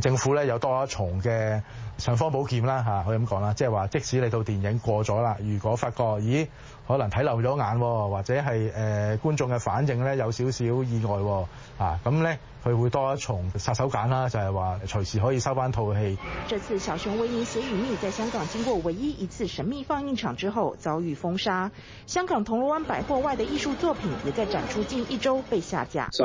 政府咧有多一重嘅尚方寶劍啦，嚇可以咁講啦，即係話即使你套電影過咗啦，如果發覺，咦，可能睇漏咗眼，或者係、呃、觀眾嘅反應咧有少少意外，啊，咁咧佢會多一重殺手鐧啦，就係、是、話隨時可以收翻套戲。這次《小熊維尼血與蜜》在香港經過唯一一次神秘放映場之後，遭遇封殺。香港銅鑼灣百貨外嘅藝術作品，也在展出近一周被下架。So